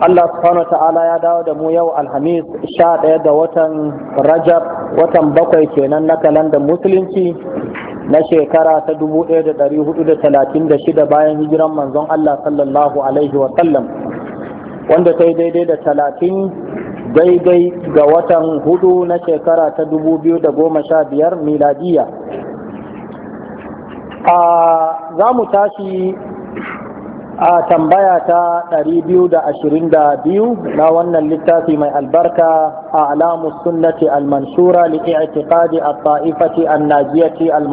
Allah subhanahu ta'ala ya dawo da mu yau alhamis sha ɗaya ga watan rajab watan bakwai kenan na kalandar musulunci na shekara ta shida bayan hijiran manzon Allah sallallahu alaihi wa sallam wanda ta yi daidai da talatin daidai ga watan hudu na shekara ta 2015 miladiya a za mu tashi a tambaya ta 222 na wannan littafi mai albarka a alamu sunnati al-mansura li i'tiqadi at-ta'ifati an-najiyati al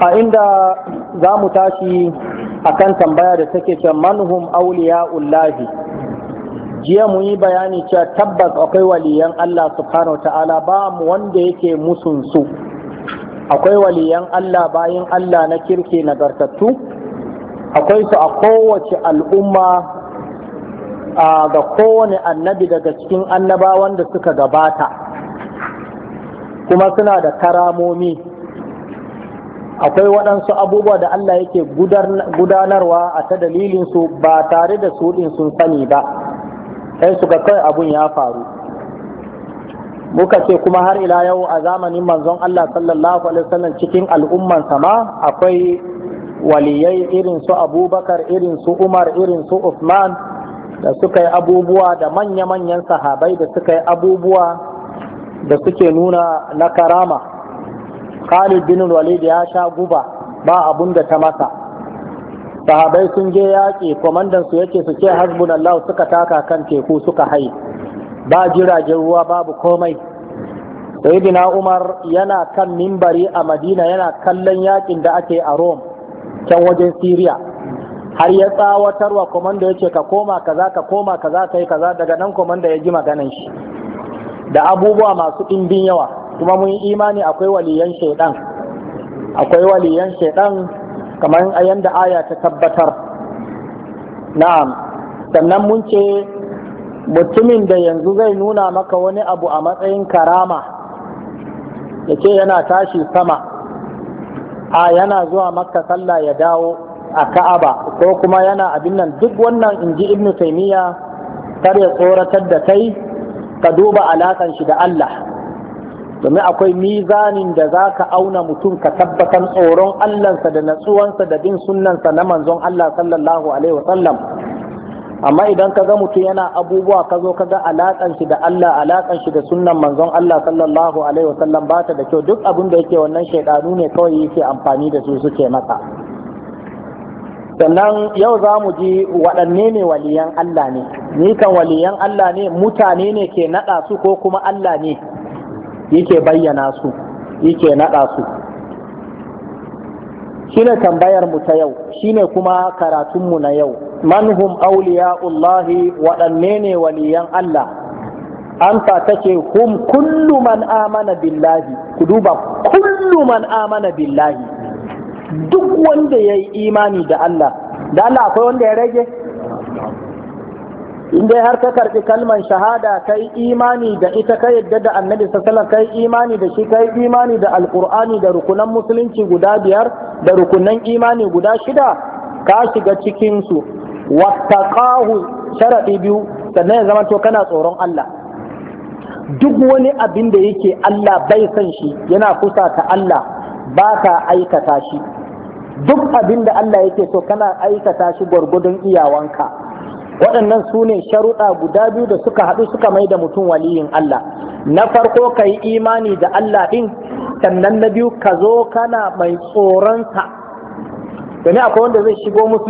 a inda za mu tashi akan tambaya da take ce manhum awliya'ullahi jiya mu yi bayani cewa tabbas akwai waliyan Allah subhanahu ta'ala ba mu wanda yake musun su akwai waliyan Allah bayan Allah na kirki nagartattu akwai su a kowace al'umma ga kowane annabi daga cikin annabawan da suka gabata kuma suna da karamomi akwai waɗansu abubuwa da Allah yake gudanarwa a ta dalilinsu ba tare da su ɗin sun sani ba sai su ga kai abun ya faru muka ce kuma har ila yau a zamanin manzon Allah sallallahu alaihi wasallam cikin al'ummansa ma akwai waliyai irin su abubakar irin su umar irin su usman da suka yi abubuwa da manya-manyan sahabai da suka yi abubuwa da suke nuna na karama khalid bin walid ya sha guba ba abun da ta masa sahabai sun je yaƙi su yake su ce hasbunallahu suka taka kan teku suka hai ba jiragen ruwa babu komai sayyidina umar yana kan mimbari a madina yana kallon yakin da ake a rome can wajen Siriya har ya tsawatarwa komanda ya ce ka koma kaza ka koma kaza yi kaza daga nan komanda ya ji maganan shi da abubuwa masu ɗimbin yawa kuma mun imani akwai waliyan shaidan akwai waliyan shaidan kamar ayan da aya ta tabbatar na'am sannan mun ce mutumin da yanzu zai nuna maka wani abu a matsayin karama ya ce yana tashi sama a yana zuwa makka sallah ya dawo a ka'aba ko kuma yana abin nan duk wannan in ji ibnu taimiyya kar tsoratar da kai ka duba alakan shi da Allah domin akwai mizanin da za ka auna mutum ka tabbatar tsoron Allahnsa da natsuwansa da bin sunnansa na manzon Allah sallallahu alaihi wasallam amma idan ka ga mutum yana abubuwa ka zo ka ga alaƙan shi da Allah alaƙan shi da sunnan manzon Allah sallallahu alaihi wasallam ba ta da kyau duk abin da yake wannan shaidanu ne kawai yake amfani da su suke masa sannan yau za mu ji waɗanne ne waliyan Allah ne ni kan waliyan Allah ne mutane ne ke naɗa su ko kuma Allah ne yake bayyana su yake naɗa su shine tambayar mu ta yau shine kuma karatun mu na yau manhum awliya'ullahi waɗanne ne waliyan Allah amsa take hum kullu man amana billahi ku duba kullu man amana billahi duk wanda ya yi imani da Allah da Allah akwai wanda ya rage in dai har ka karɓi kalman shahada kai imani da ita ka yadda da annabi sallallahu kai imani da shi kai imani da alqur'ani da rukunan musulunci guda biyar da rukunan imani guda shida ka shiga cikin su wattaqahu sharadi biyu sannan ya zama to kana tsoron Allah duk wani abin da yake Allah bai san shi yana kusa ta Allah ba ka aikata shi duk abin da Allah yake so kana aikata shi gwargwadon iyawanka waɗannan su ne sharuɗa guda biyu da suka haɗu suka mai da mutum waliyin Allah na farko ka yi imani da Allah ɗin sannan na biyu ka zo kana mai tsoronsa domin akwai wanda zai shigo